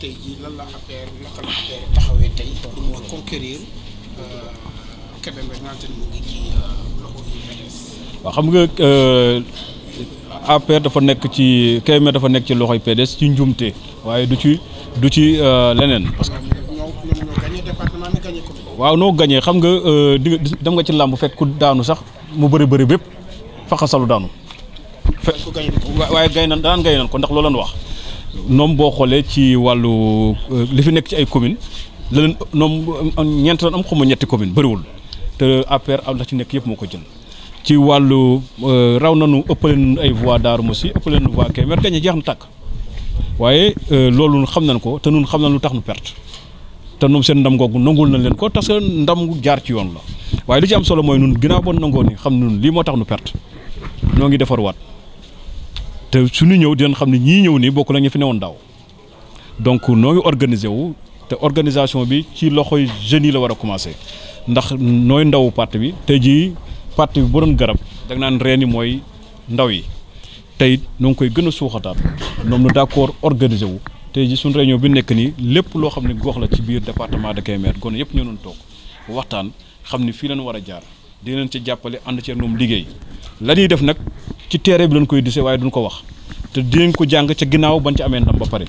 tey jii lan la affaire nga euh, xam ne euh, waaw xam nga euh, APR dafa nekk ci Kébémer dafa nekk ci loxoy PDS ci njuumte waaye du ci du ci leneen. parce que ñoo ñoo waaw noo gagné xam nga di dem nga ci làmb fekk ku daanu sax mu bari bari bépp faxasalu daanu. waaye gay nan daan gay nan ko ndax loolu la ñu wax. noom boo xoolee ci wàllu euh, li fi nekk ci ay communes la leen noom ñeent doon am xuma ñetti commune bariwul te APR am la ci nekk yëpp moo ko jël ci wàllu euh, raw na nu nañu ay voix Darou Moussi ëppale nañu voix Kébémer gañe jeex na tàkk waaye euh, loolu xam nañ ko te nun xam na lu tax nu perte te ñoom seen ndam googu nangul nañ leen ko parce que ndam jaar ci yoon la waaye lu ci am solo mooy nun ginnaaw bon nangoo ni xam nun lii moo tax nu perte ñoo ngi defarwaat su suñu ñëw dinañ xam ne ñii ñëw nii bokk la ñu fi newoon daaw donc noo ngi wu te organisation bi ci loxoy jeunes yi la war a commencé ndax nooy ndawu parti bi tey jii parti bi bu doon garab da naan reen yi mooy ndaw yi tey ñoo ngi koy gën a suuxataat ñoom nu d'accord organisé wu tey jii suñu réunion bi nekk nii lépp loo xam ne gox la ci biir département de Kébémer gone yëpp ñoo doon toog waxtaan xam ne fii lañu war a jaar di leen ci jàppale ànd ci ñoom liggéey la def nag ci téere bi lañ koy dise waaye duñ ko wax te dinañ ko jàng ca ginnaaw ba bañ ci amee ndam ba pare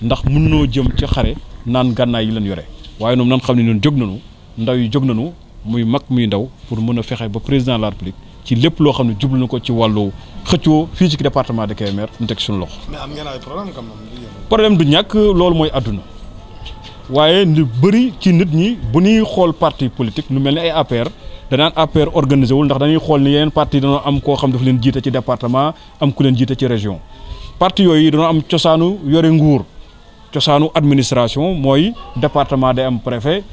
ndax mun noo jëm ci xare naan gànnaay yi leen yore waaye noonu nan xam ne ñun jóg nañu ndaw yi jóg nañu muy mag muy ndaw pour mën a fexe ba président de la république ci lépp loo xam ne jublu na ko ci wàllu xëccoo fii ci département de Kébémer ñu teg suñu loxo. mais am ngeen ay problème quand problème du ñàkk loolu mooy àdduna. waaye lu bëri ci nit ñi bu ñuy xool parti politique lu mel ni ay APR danaan APR organisé wul ndax dañuy xool ni yeneen parti dañoo am koo xam dafa leen jiite ci département am ku leen jiite ci région parti yooyu dañoo am cosaanu yore nguur cosaanu administration mooy département day am préfet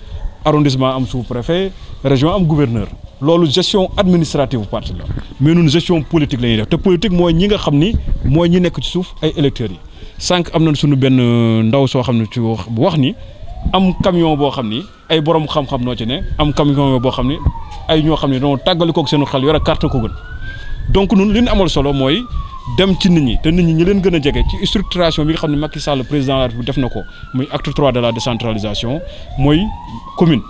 arrondissement am sous-préfet région am gouverneur loolu gestion administrative bu parti la mais ñun gestion politique la ñuy def te politique mooy ñi nga xam ni mooy ñi nekk ci suuf électeurs yi sànq am nañ suñu benn ndaw soo xam ne ci bu wax ni am camion boo xam ni ay borom xam-xam noo ci ne am camion boo xam ni ay ñoo xam ne dañoo tàggalikook seenu xel yor a carte ko gën donc ñun li ñu amal solo mooy dem ci nit ñi te nit ñi ñi leen gën a jege ci structuration bi nga xam ne Macky Sall président de def na ko muy acte de la décentralisation mooy commune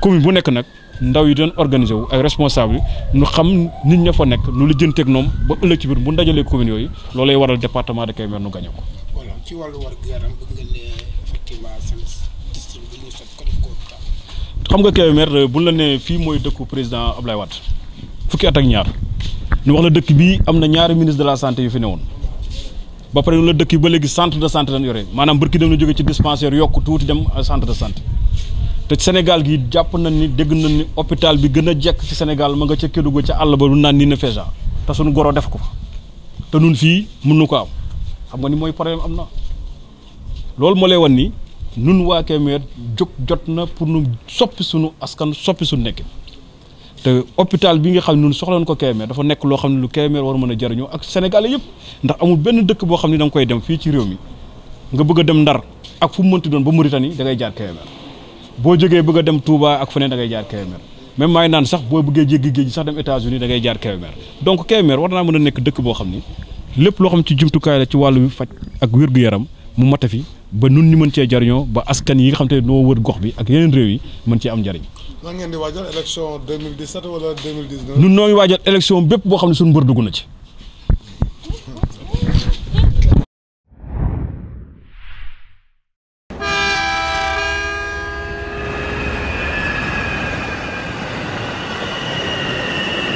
commune bu nekk nag ndaw yi doon organisé wu ay responsable yi xam nit ña fa nekk nu la jënteeg ba ëllëg ci biir bu ndajalee commune yooyu loolay waral département de Kébémer nu gañe ko. voilà ci wàllu war yaram bëgg xam nga Kébémer euh, bu la nee fii mooy dëkku président Ablaye Wade fukki at ak ñaar ñu wax la dëkk bii am na ñaari ministre de la santé yu fi newoon ba pare la dëkk yi ba léegi centre de santé lañ yore maanaam barki dem la jógee ci dispensaire yokk tuuti dem centre de santé te Sénégal gi jàpp nañ ni dégg nañ ni hôpital bi gën a jekk ci Sénégal ma nga ca Kédougou ca àll ba lu naan nii ne Fèja te suñu goro def ko fa te nun fii mën nu ko am xam nga ni mooy problème am na loolu moo lay wan ni nun waa Kébémer jóg jot na pour nu soppi sunu askan soppi sunu nekkin te hôpital bi nga xam ne nun soxlawoon ko Kébémer dafa nekk loo xam ne lu kemeer war mën a jariñoo ak Sénégalais yëpp ndax amul benn dëkk boo xam ne da nga dem fii ci réew mi nga bëgg a dem ak fu mu mënti doon ba Mauritanie da ngay jaar Kébémer boo jógee bëgg dem Touba ak feneen da ngay jaar Kébémer même maay naan sax boo bëggee jéggi géej gi sax dem états da ngay jaar Kébémer donc Kébémer war naa mën a nekk dëkk boo xam ni lépp loo xam ci jumtukaay la ci wàllu faj ak wér-gu-yaram mu mata fi ba nun ñu mën cee jariñoo ba askan yi nga xam te noo wër gox bi ak yeneen réew yi mën cee am njariñ nan ngeen di waajal élection 2017 wala nun nooy ngi waajal élection bépp boo xam ne sunu mbër dugg na ci